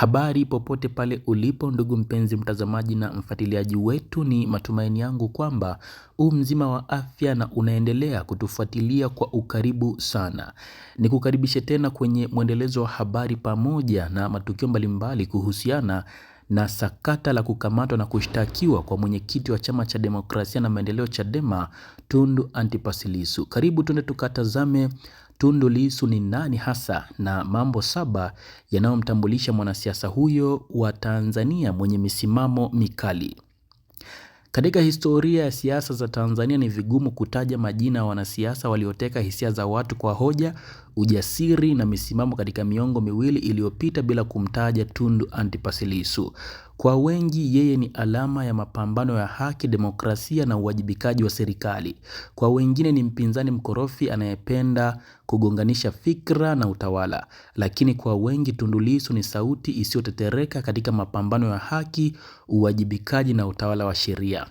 Habari popote pale ulipo ndugu mpenzi mtazamaji na mfuatiliaji wetu, ni matumaini yangu kwamba u mzima wa afya na unaendelea kutufuatilia kwa ukaribu sana. Nikukaribishe tena kwenye mwendelezo wa habari pamoja na matukio mbalimbali kuhusiana na sakata la kukamatwa na kushtakiwa kwa mwenyekiti wa Chama cha Demokrasia na Maendeleo, Chadema, Tundu Antipas Lissu. Karibu tuende tukatazame Tundu Lissu ni nani hasa na mambo saba yanayomtambulisha mwanasiasa huyo wa Tanzania mwenye misimamo mikali. Katika historia ya siasa za Tanzania ni vigumu kutaja majina ya wanasiasa walioteka hisia za watu kwa hoja, ujasiri na misimamo katika miongo miwili iliyopita bila kumtaja Tundu Antipas Lissu. Kwa wengi yeye ni alama ya mapambano ya haki, demokrasia na uwajibikaji wa serikali. Kwa wengine ni mpinzani mkorofi anayependa kugonganisha fikra na utawala. Lakini kwa wengi Tundu Lissu ni sauti isiyotetereka katika mapambano ya haki, uwajibikaji na utawala wa sheria.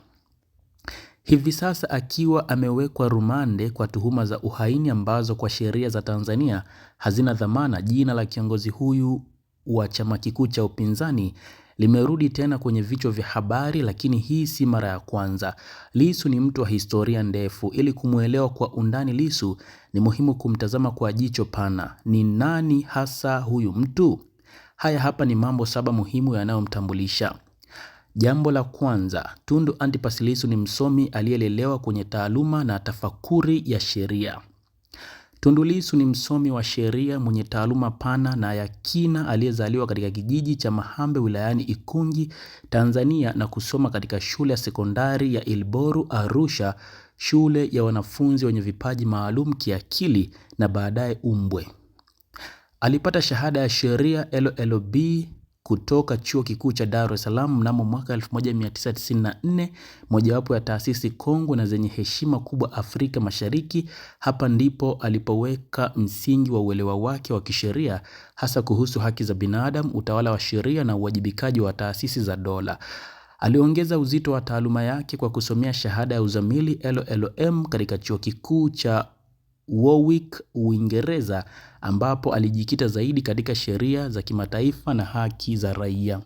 Hivi sasa akiwa amewekwa rumande kwa tuhuma za uhaini ambazo kwa sheria za Tanzania hazina dhamana, jina la kiongozi huyu wa chama kikuu cha upinzani limerudi tena kwenye vichwa vya habari, lakini hii si mara ya kwanza. lisu ni mtu wa historia ndefu. Ili kumwelewa kwa undani lisu ni muhimu kumtazama kwa jicho pana. Ni nani hasa huyu mtu? Haya hapa ni mambo saba muhimu yanayomtambulisha. Jambo la kwanza, Tundu Antipas lisu ni msomi aliyelelewa kwenye taaluma na tafakuri ya sheria. Tundu Lissu ni msomi wa sheria mwenye taaluma pana na ya kina aliyezaliwa katika kijiji cha Mahambe wilayani Ikungi, Tanzania na kusoma katika shule ya sekondari ya Ilboru Arusha, shule ya wanafunzi wenye vipaji maalum kiakili na baadaye Umbwe. Alipata shahada ya sheria LLB kutoka Chuo Kikuu cha Dar es Salaam mnamo mwaka 1994, mojawapo ya taasisi kongwe na zenye heshima kubwa Afrika Mashariki. Hapa ndipo alipoweka msingi wa uelewa wake wa kisheria, hasa kuhusu haki za binadamu, utawala wa sheria na uwajibikaji wa taasisi za dola. Aliongeza uzito wa taaluma yake kwa kusomea shahada ya uzamili LLM katika Chuo Kikuu cha Warwick, Uingereza, ambapo alijikita zaidi katika sheria za kimataifa na haki za raia.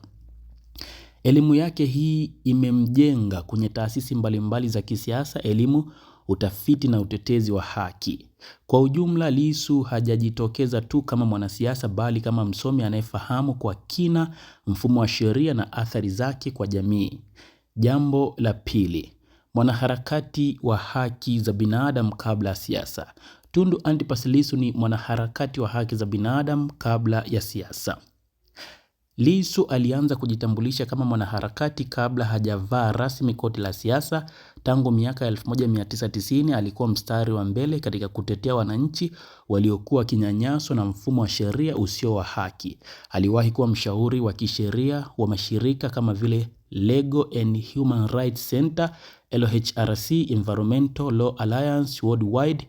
Elimu yake hii imemjenga kwenye taasisi mbalimbali za kisiasa, elimu, utafiti na utetezi wa haki. Kwa ujumla, Lissu hajajitokeza tu kama mwanasiasa bali kama msomi anayefahamu kwa kina mfumo wa sheria na athari zake kwa jamii. Jambo la pili, mwanaharakati wa haki za binadamu kabla ya siasa. Tundu Antipas Lissu ni mwanaharakati wa haki za binadamu kabla ya siasa. Lissu alianza kujitambulisha kama mwanaharakati kabla hajavaa rasmi koti la siasa. Tangu miaka 1990 alikuwa mstari wa mbele katika kutetea wananchi waliokuwa wakinyanyaswa na mfumo wa sheria usio wa haki. Aliwahi kuwa mshauri wa kisheria wa mashirika kama vile Legal and Human Rights Center, LHRC, Environmental Law Alliance Worldwide,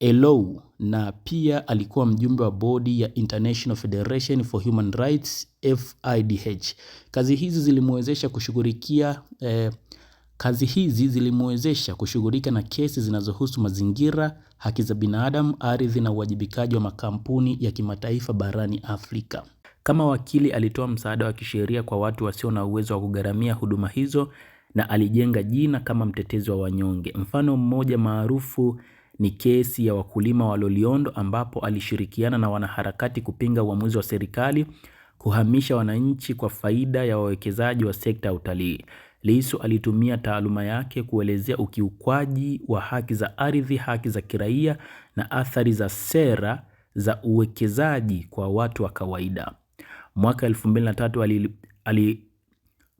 ELOW, na pia alikuwa mjumbe wa bodi ya International Federation for Human Rights FIDH. Kazi hizi zilimwezesha kushughulikia eh, kazi hizi zilimwezesha kushughulika na kesi zinazohusu mazingira, haki za binadamu, ardhi na uwajibikaji wa makampuni ya kimataifa barani Afrika. Kama wakili alitoa msaada wa kisheria kwa watu wasio na uwezo wa kugharamia huduma hizo na alijenga jina kama mtetezi wa wanyonge. Mfano mmoja maarufu ni kesi ya wakulima wa Loliondo ambapo alishirikiana na wanaharakati kupinga uamuzi wa serikali kuhamisha wananchi kwa faida ya wawekezaji wa sekta ya utalii. Lissu alitumia taaluma yake kuelezea ukiukwaji wa haki za ardhi, haki za kiraia na athari za sera za uwekezaji kwa watu wa kawaida. Mwaka 2003 ali, ali,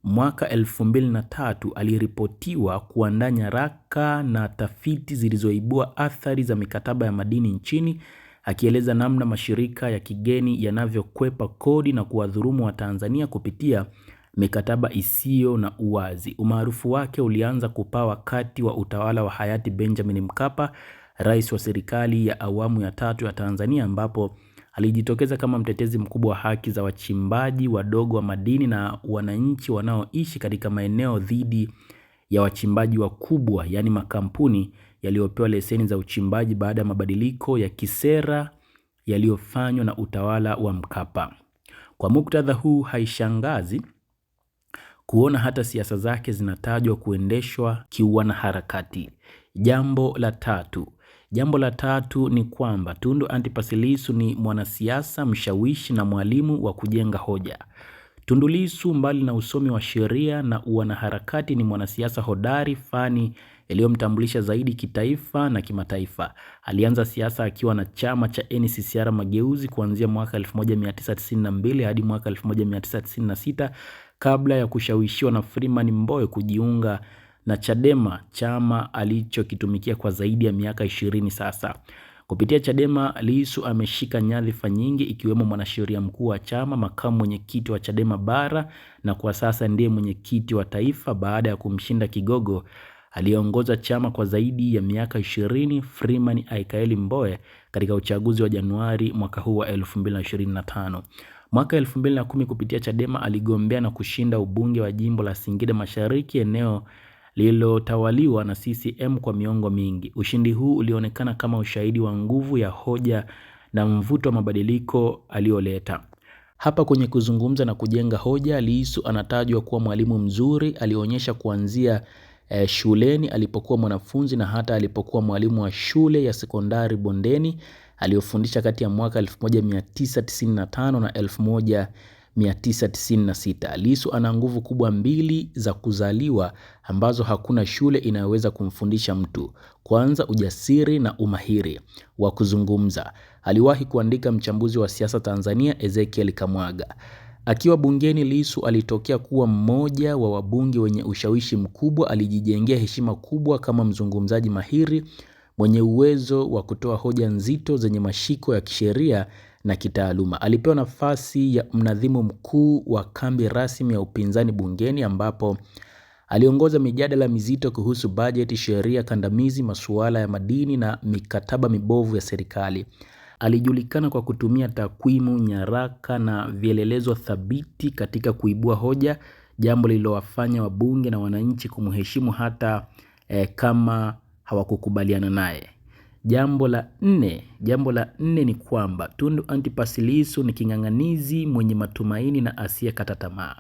mwaka 2003 aliripotiwa kuandaa nyaraka na tafiti zilizoibua athari za mikataba ya madini nchini, akieleza namna mashirika ya kigeni yanavyokwepa kodi na kuwadhulumu Watanzania kupitia mikataba isiyo na uwazi. Umaarufu wake ulianza kupaa wakati wa utawala wa hayati Benjamin Mkapa, rais wa serikali ya awamu ya tatu ya Tanzania, ambapo Alijitokeza kama mtetezi mkubwa wa haki za wachimbaji wadogo wa madini na wananchi wanaoishi katika maeneo dhidi ya wachimbaji wakubwa, yaani makampuni yaliyopewa leseni za uchimbaji baada ya mabadiliko ya kisera yaliyofanywa na utawala wa Mkapa. Kwa muktadha huu, haishangazi kuona hata siasa zake zinatajwa kuendeshwa harakati Jambo la tatu, Jambo la tatu ni kwamba Tundu Antipas Lissu ni mwanasiasa, mshawishi na mwalimu wa kujenga hoja. Tundu Lissu mbali na usomi wa sheria na uanaharakati ni mwanasiasa hodari, fani iliyomtambulisha zaidi kitaifa na kimataifa. Alianza siasa akiwa na chama cha NCCR Mageuzi kuanzia mwaka 1992 hadi mwaka 1996 kabla ya kushawishiwa na Freeman Mbowe kujiunga na Chadema, chama alichokitumikia kwa zaidi ya miaka ishirini sasa. Kupitia Chadema, Lissu ameshika nyadhifa nyingi ikiwemo mwanasheria mkuu wa chama, makamu mwenyekiti wa Chadema Bara na kwa sasa ndiye mwenyekiti wa taifa baada ya kumshinda kigogo aliyeongoza chama kwa zaidi ya miaka ishirini Freeman Aikaeli Mbowe katika uchaguzi wa Januari mwaka huu wa 2025. Mwaka 2010 kupitia Chadema aligombea na kushinda ubunge wa jimbo la Singida Mashariki eneo lililotawaliwa na CCM kwa miongo mingi. Ushindi huu ulionekana kama ushahidi wa nguvu ya hoja na mvuto wa mabadiliko aliyoleta. Hapa kwenye kuzungumza na kujenga hoja, Lissu anatajwa kuwa mwalimu mzuri. Alionyesha kuanzia eh, shuleni alipokuwa mwanafunzi na hata alipokuwa mwalimu wa shule ya sekondari Bondeni aliyofundisha kati ya mwaka 1995 na 996. Lisu ana nguvu kubwa mbili za kuzaliwa ambazo hakuna shule inayoweza kumfundisha mtu. Kwanza, ujasiri na umahiri wa kuzungumza. Aliwahi kuandika mchambuzi wa siasa Tanzania Ezekiel Kamwaga. Akiwa bungeni, lisu alitokea kuwa mmoja wa wabunge wenye ushawishi mkubwa. Alijijengea heshima kubwa kama mzungumzaji mahiri mwenye uwezo wa kutoa hoja nzito zenye mashiko ya kisheria na kitaaluma. Alipewa nafasi ya mnadhimu mkuu wa kambi rasmi ya upinzani bungeni ambapo aliongoza mijadala mizito kuhusu bajeti, sheria kandamizi, masuala ya madini na mikataba mibovu ya serikali. Alijulikana kwa kutumia takwimu, nyaraka na vielelezo thabiti katika kuibua hoja, jambo lililowafanya wabunge na wananchi kumheshimu hata eh, kama hawakukubaliana naye. Jambo la nne, jambo la nne ni kwamba Tundu Antipas Lissu ni king'ang'anizi mwenye matumaini na asiyekata tamaa.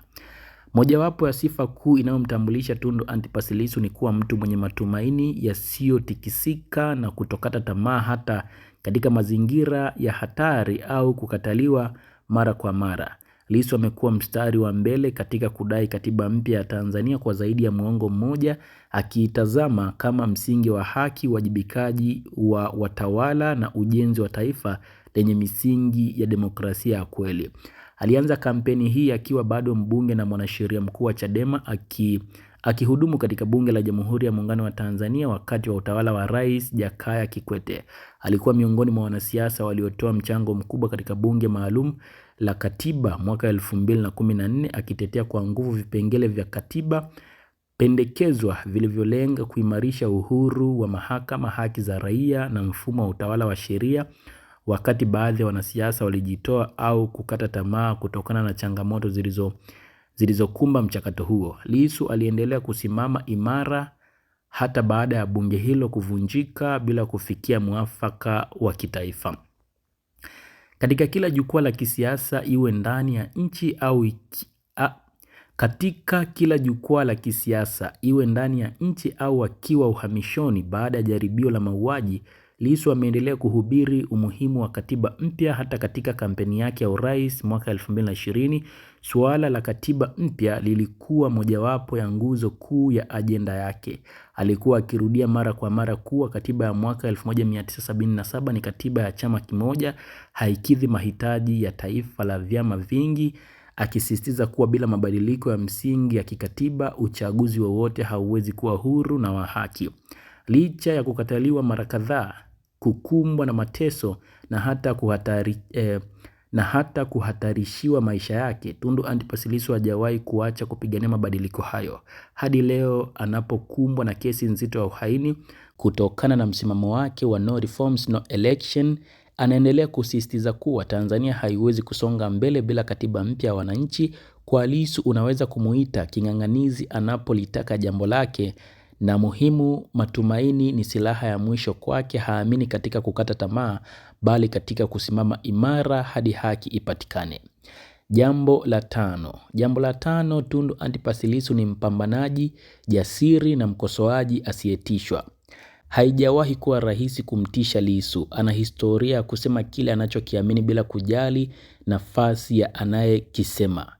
Mojawapo ya sifa kuu inayomtambulisha Tundu Antipas Lissu ni kuwa mtu mwenye matumaini yasiyotikisika na kutokata tamaa hata katika mazingira ya hatari au kukataliwa mara kwa mara. Lissu amekuwa mstari wa mbele katika kudai katiba mpya ya Tanzania kwa zaidi ya muongo mmoja akiitazama kama msingi wa haki, uwajibikaji wa watawala na ujenzi wa taifa lenye misingi ya demokrasia ya kweli. Alianza kampeni hii akiwa bado mbunge na mwanasheria mkuu wa Chadema aki akihudumu katika Bunge la Jamhuri ya Muungano wa Tanzania wakati wa utawala wa Rais Jakaya Kikwete. Alikuwa miongoni mwa wanasiasa waliotoa mchango mkubwa katika bunge maalum la Katiba mwaka 2014 na kumi akitetea kwa nguvu vipengele vya katiba pendekezwa vilivyolenga kuimarisha uhuru wa mahakama, haki za raia na mfumo wa utawala wa sheria, wakati baadhi ya wanasiasa walijitoa au kukata tamaa kutokana na changamoto zilizo zilizokumba mchakato huo. Lissu aliendelea kusimama imara hata baada ya bunge hilo kuvunjika bila kufikia mwafaka wa kitaifa. Katika kila jukwaa la kisiasa iwe ndani ya nchi au iki, a, katika kila jukwaa la kisiasa iwe ndani ya nchi au akiwa uhamishoni baada ya jaribio la mauaji Lissu ameendelea kuhubiri umuhimu wa katiba mpya hata katika kampeni yake ya urais mwaka 2020. Suala la katiba mpya lilikuwa mojawapo ya nguzo kuu ya ajenda yake. Alikuwa akirudia mara kwa mara kuwa katiba ya mwaka 1977 ni katiba ya chama kimoja, haikidhi mahitaji ya taifa la vyama vingi, akisisitiza kuwa bila mabadiliko ya msingi ya kikatiba, uchaguzi wowote hauwezi kuwa huru na wa haki. Licha ya kukataliwa mara kadhaa, kukumbwa na mateso na hata kuhatari, eh, na hata kuhatarishiwa maisha yake, Tundu Antipas Lissu hajawahi kuacha kupigania mabadiliko hayo hadi leo anapokumbwa na kesi nzito ya uhaini kutokana na msimamo wake wa no reforms, no election. Anaendelea kusisitiza kuwa Tanzania haiwezi kusonga mbele bila katiba mpya ya wananchi. Kwa Lissu unaweza kumuita king'ang'anizi anapolitaka jambo lake na muhimu, matumaini ni silaha ya mwisho kwake. Haamini katika kukata tamaa, bali katika kusimama imara hadi haki ipatikane. Jambo la tano. Jambo la tano, Tundu Antipas Lissu ni mpambanaji jasiri na mkosoaji asiyetishwa. Haijawahi kuwa rahisi kumtisha Lissu. Ana historia ya kusema kile anachokiamini bila kujali nafasi ya anayekisema.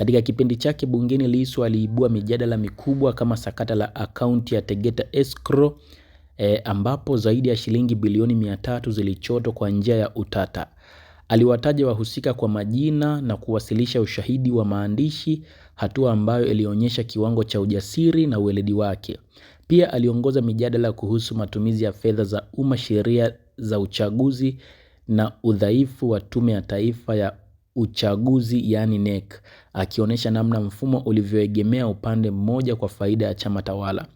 Katika kipindi chake bungeni, Lissu aliibua mijadala mikubwa kama sakata la akaunti ya Tegeta Escrow e, ambapo zaidi ya shilingi bilioni mia tatu zilichotwa kwa njia ya utata. Aliwataja wahusika kwa majina na kuwasilisha ushahidi wa maandishi, hatua ambayo ilionyesha kiwango cha ujasiri na ueledi wake. Pia aliongoza mijadala kuhusu matumizi ya fedha za umma, sheria za uchaguzi na udhaifu wa Tume ya Taifa ya uchaguzi yani NEC, akionyesha namna mfumo ulivyoegemea upande mmoja kwa faida ya chama tawala.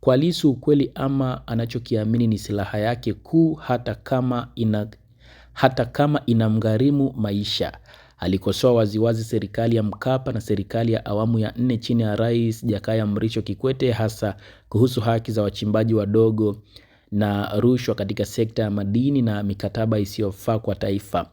Kwa Lissu ukweli ama anachokiamini ni silaha yake kuu hata kama ina hata kama inamgharimu maisha. Alikosoa waziwazi serikali ya Mkapa na serikali ya awamu ya nne chini ya Rais Jakaya Mrisho Kikwete hasa kuhusu haki za wachimbaji wadogo na rushwa katika sekta ya madini na mikataba isiyofaa kwa taifa.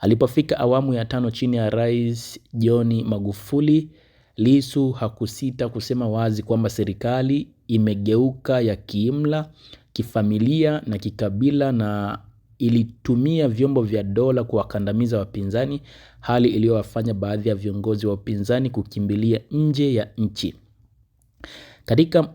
Alipofika awamu ya tano chini ya Rais John Magufuli, Lisu hakusita kusema wazi kwamba serikali imegeuka ya kiimla, kifamilia na kikabila na ilitumia vyombo vya dola kuwakandamiza wapinzani, hali iliyowafanya baadhi ya viongozi wa upinzani kukimbilia nje ya nchi. Katika,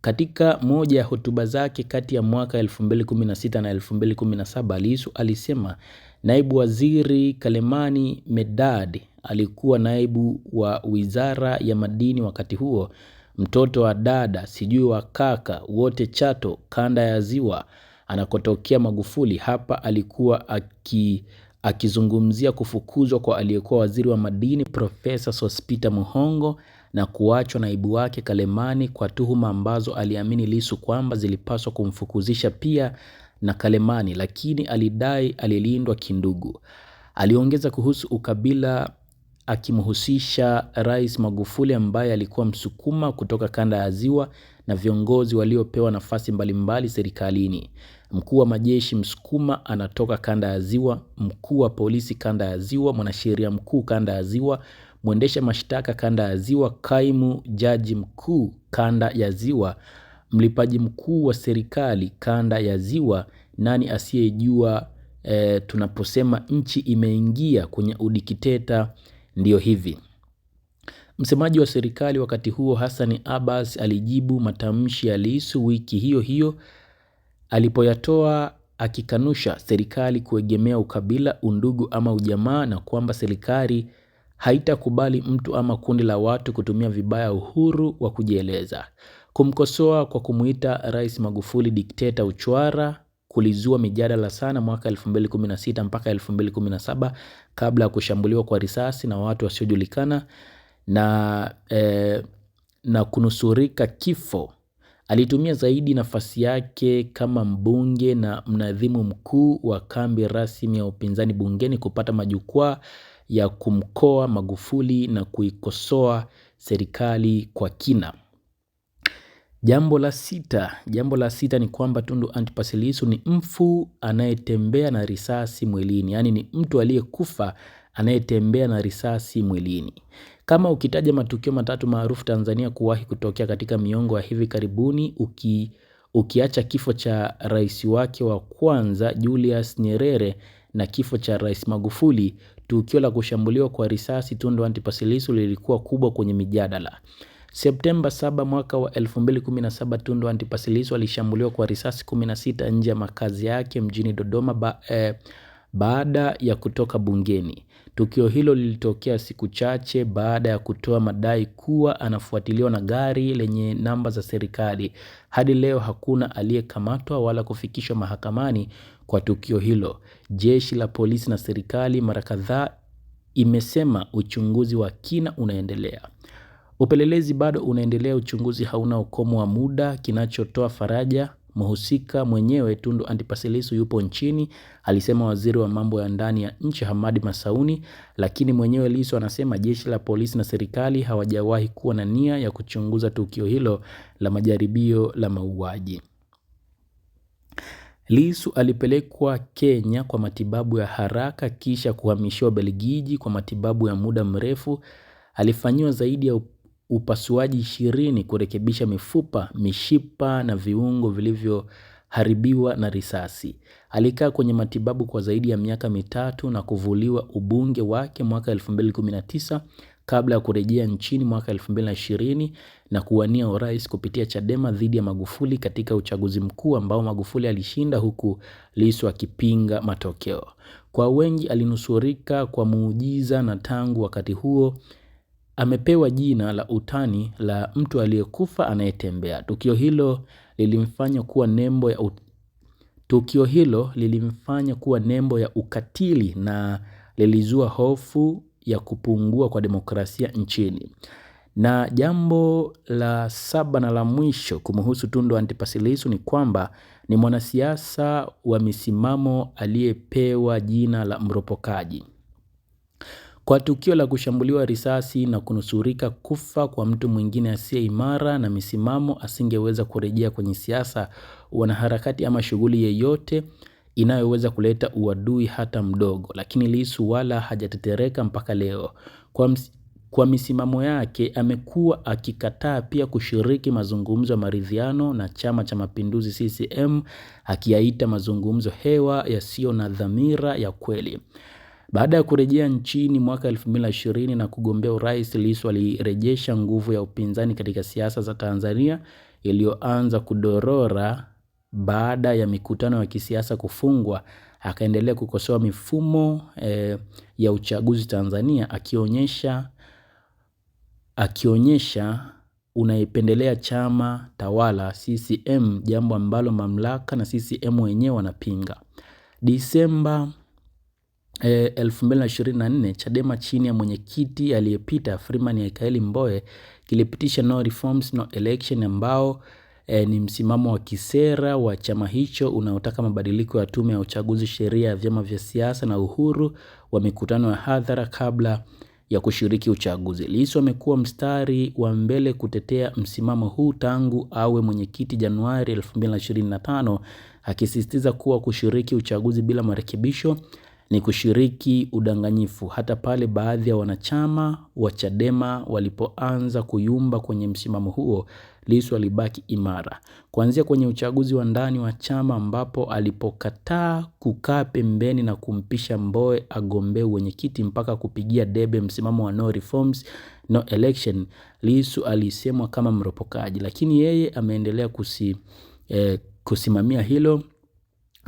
katika moja ya hotuba zake kati ya mwaka 2016 na 2017, Lissu alisema Naibu Waziri Kalemani Medad alikuwa naibu wa Wizara ya Madini wakati huo, mtoto wa dada sijui wa kaka wote Chato, kanda ya Ziwa anakotokea Magufuli. Hapa alikuwa aki, akizungumzia kufukuzwa kwa aliyekuwa waziri wa madini Profesa Sospita Muhongo na kuachwa naibu wake Kalemani kwa tuhuma ambazo aliamini Lisu kwamba zilipaswa kumfukuzisha pia na Kalemani, lakini alidai alilindwa kindugu. Aliongeza kuhusu ukabila akimhusisha Rais Magufuli ambaye alikuwa Msukuma kutoka kanda ya Ziwa na viongozi waliopewa nafasi mbalimbali serikalini. Mkuu wa majeshi Msukuma anatoka kanda ya Ziwa, mkuu wa polisi kanda ya Ziwa, mwanasheria mkuu kanda ya Ziwa, mwendesha mashtaka kanda ya Ziwa, kaimu jaji mkuu kanda ya Ziwa, mlipaji mkuu wa serikali kanda ya Ziwa. Nani asiyejua e, tunaposema nchi imeingia kwenye udikiteta ndiyo hivi. Msemaji wa serikali wakati huo Hassan Abbas alijibu matamshi ya Lissu wiki hiyo hiyo alipoyatoa akikanusha serikali kuegemea ukabila, undugu ama ujamaa na kwamba serikali haitakubali mtu ama kundi la watu kutumia vibaya uhuru wa kujieleza kumkosoa kwa kumuita Rais Magufuli dikteta uchwara kulizua mijadala sana mwaka 2016 mpaka 2017 kabla ya kushambuliwa kwa risasi na watu wasiojulikana na, eh, na kunusurika kifo. Alitumia zaidi nafasi yake kama mbunge na mnadhimu mkuu wa kambi rasmi ya upinzani bungeni kupata majukwaa ya kumkoa Magufuli na kuikosoa serikali kwa kina. Jambo la sita, jambo la sita ni kwamba Tundu Antipas Lissu ni mfu anayetembea na risasi mwilini, yaani ni mtu aliyekufa anayetembea na risasi mwilini. Kama ukitaja matukio matatu maarufu Tanzania kuwahi kutokea katika miongo ya hivi karibuni uki, ukiacha kifo cha rais wake wa kwanza Julius Nyerere na kifo cha Rais Magufuli, tukio la kushambuliwa kwa risasi Tundu Antipas Lissu lilikuwa kubwa kwenye mijadala. Septemba 7 mwaka wa 2017 Tundu Antipasilisu alishambuliwa kwa risasi 16 nje ya makazi yake mjini Dodoma ba, eh, baada ya kutoka bungeni. Tukio hilo lilitokea siku chache baada ya kutoa madai kuwa anafuatiliwa na gari lenye namba za serikali. Hadi leo hakuna aliyekamatwa wala kufikishwa mahakamani kwa tukio hilo. Jeshi la polisi na serikali mara kadhaa imesema uchunguzi wa kina unaendelea. Upelelezi bado unaendelea, uchunguzi hauna ukomo wa muda. Kinachotoa faraja, mhusika mwenyewe Tundu Antipas Lissu yupo nchini, alisema waziri wa mambo ya ndani ya nchi Hamadi Masauni, lakini mwenyewe Lissu anasema jeshi la polisi na serikali hawajawahi kuwa na nia ya kuchunguza tukio hilo la majaribio la mauaji. Lissu alipelekwa Kenya kwa matibabu ya haraka kisha kuhamishiwa Belgiji kwa matibabu ya muda mrefu. Alifanyiwa zaidi ya upasuaji ishirini kurekebisha mifupa, mishipa na viungo vilivyoharibiwa na risasi. Alikaa kwenye matibabu kwa zaidi ya miaka mitatu na kuvuliwa ubunge wake mwaka 2019 kabla ya kurejea nchini mwaka 2020 na kuwania urais kupitia Chadema dhidi ya Magufuli katika uchaguzi mkuu ambao Magufuli alishinda huku Lissu akipinga matokeo. Kwa wengi alinusurika kwa muujiza na tangu wakati huo amepewa jina la utani la mtu aliyekufa anayetembea. Tukio hilo lilimfanya kuwa nembo ya ut... tukio hilo lilimfanya kuwa nembo ya ukatili na lilizua hofu ya kupungua kwa demokrasia nchini. Na jambo la saba na la mwisho kumhusu Tundu Antipas Lissu ni kwamba ni mwanasiasa wa misimamo aliyepewa jina la mropokaji kwa tukio la kushambuliwa risasi na kunusurika kufa kwa mtu mwingine asiye imara na misimamo, asingeweza kurejea kwenye siasa, wanaharakati ama shughuli yeyote inayoweza kuleta uadui hata mdogo. Lakini Lissu wala hajatetereka mpaka leo. Kwa ms kwa misimamo yake amekuwa akikataa pia kushiriki mazungumzo ya maridhiano na Chama cha Mapinduzi CCM, akiyaita mazungumzo hewa yasiyo na dhamira ya kweli. Baada ya kurejea nchini mwaka 2020 na kugombea urais, Lissu alirejesha nguvu ya upinzani katika siasa za Tanzania iliyoanza kudorora baada ya mikutano ya kisiasa kufungwa. Akaendelea kukosoa mifumo e, ya uchaguzi Tanzania, akionyesha akionyesha unaipendelea chama tawala CCM, jambo ambalo mamlaka na CCM wenyewe wanapinga. Disemba eh, 2024 Chadema chini ya mwenyekiti aliyepita Freeman Aikaeli Mbowe kilipitisha no reforms no election ambao e, ni msimamo wa kisera wa chama hicho unaotaka mabadiliko ya tume ya uchaguzi, sheria ya vyama vya siasa na uhuru wa mikutano ya hadhara kabla ya kushiriki uchaguzi. Lissu amekuwa mstari wa mbele kutetea msimamo huu tangu awe mwenyekiti Januari 2025, akisisitiza kuwa kushiriki uchaguzi bila marekebisho ni kushiriki udanganyifu hata pale baadhi ya wanachama wa Chadema walipoanza kuyumba kwenye msimamo huo, Lissu alibaki imara. Kuanzia kwenye uchaguzi wa ndani wa chama ambapo alipokataa kukaa pembeni na kumpisha Mbowe agombee wenyekiti mpaka kupigia debe msimamo wa no reforms no election, Lissu alisemwa kama mropokaji, lakini yeye ameendelea kusi, eh, kusimamia hilo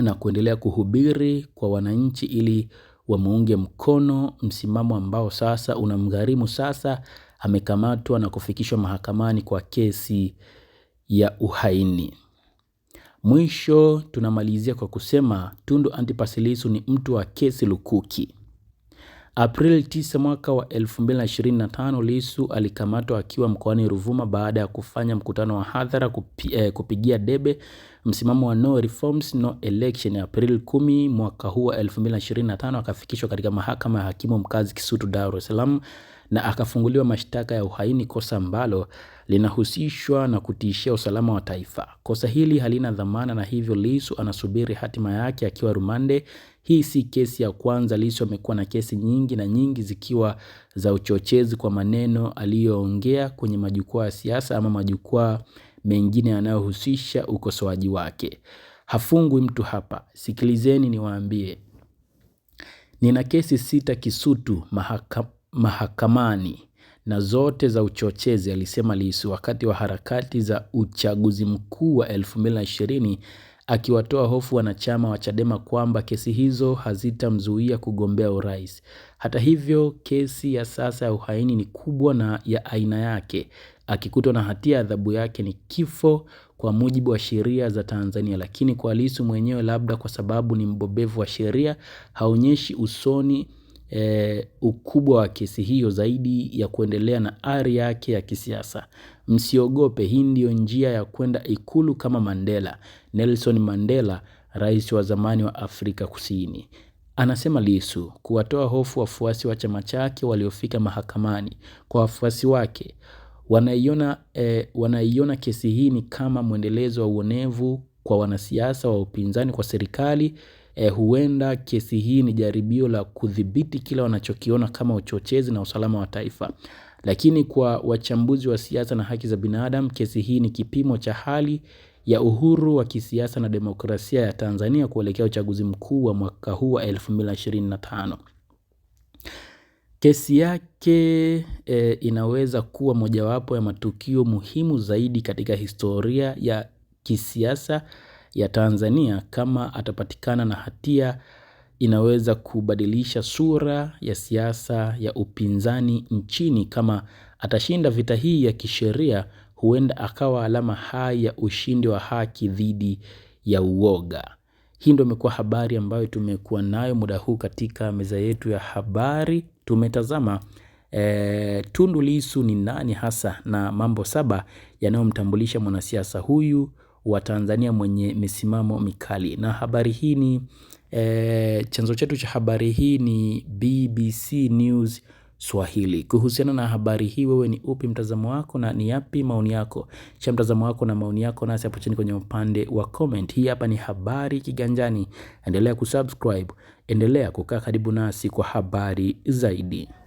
na kuendelea kuhubiri kwa wananchi ili wamuunge mkono msimamo ambao sasa unamgharimu sasa amekamatwa na kufikishwa mahakamani kwa kesi ya uhaini. Mwisho tunamalizia kwa kusema Tundu Antipas Lissu ni mtu wa kesi lukuki. Aprili 9 mwaka wa 2025, Lissu alikamatwa akiwa mkoani Ruvuma baada ya kufanya mkutano wa hadhara kupi, eh, kupigia debe msimamo wa no reforms no election. Aprili 10 mwaka huu wa 2025 akafikishwa katika mahakama ya hakimu mkazi Kisutu, Dar es Salaam na akafunguliwa mashtaka ya uhaini, kosa ambalo linahusishwa na kutishia usalama wa taifa. Kosa hili halina dhamana na hivyo Lissu anasubiri hatima yake akiwa rumande. Hii si kesi ya kwanza. Lissu amekuwa na kesi nyingi na nyingi zikiwa za uchochezi kwa maneno aliyoongea kwenye majukwaa ya siasa ama majukwaa mengine yanayohusisha ukosoaji wake. Hafungwi mtu hapa. Sikilizeni niwaambie, nina kesi sita Kisutu mahaka, mahakamani na zote za uchochezi, alisema Lissu wakati wa harakati za uchaguzi mkuu wa 2020 akiwatoa hofu wanachama wa Chadema kwamba kesi hizo hazitamzuia kugombea urais. Hata hivyo, kesi ya sasa ya uhaini ni kubwa na ya aina yake. Akikutwa na hatia, adhabu yake ni kifo kwa mujibu wa sheria za Tanzania. Lakini kwa Lissu mwenyewe, labda kwa sababu ni mbobevu wa sheria, haonyeshi usoni e, ukubwa wa kesi hiyo zaidi ya kuendelea na ari yake ya kisiasa. Msiogope, hii ndiyo njia ya kwenda Ikulu kama Mandela. Nelson Mandela, rais wa zamani wa Afrika Kusini, anasema Lisu. Kuwatoa hofu wafuasi wa chama chake waliofika mahakamani. Kwa wafuasi wake wanaiona e, wanaiona kesi hii ni kama mwendelezo wa uonevu kwa wanasiasa wa upinzani kwa serikali eh, huenda kesi hii ni jaribio la kudhibiti kila wanachokiona kama uchochezi na usalama wa taifa. Lakini kwa wachambuzi wa siasa na haki za binadamu, kesi hii ni kipimo cha hali ya uhuru wa kisiasa na demokrasia ya Tanzania kuelekea uchaguzi mkuu wa mwaka huu wa 2025. Kesi yake e, inaweza kuwa mojawapo ya matukio muhimu zaidi katika historia ya kisiasa ya Tanzania kama atapatikana na hatia inaweza kubadilisha sura ya siasa ya upinzani nchini. Kama atashinda vita hii ya kisheria, huenda akawa alama hai ya ushindi wa haki dhidi ya uoga. Hii ndio imekuwa habari ambayo tumekuwa nayo muda huu katika meza yetu ya habari. Tumetazama e, Tundu Lissu ni nani hasa na mambo saba yanayomtambulisha mwanasiasa huyu wa Tanzania mwenye misimamo mikali. Na habari hii ni e, chanzo chetu cha habari hii ni BBC News Swahili. Kuhusiana na habari hii, wewe ni upi mtazamo wako na ni yapi maoni yako? Cha mtazamo wako na maoni yako nasi hapo chini kwenye upande wa comment. Hii hapa ni habari Kiganjani. Endelea kusubscribe, endelea kukaa karibu nasi kwa habari zaidi.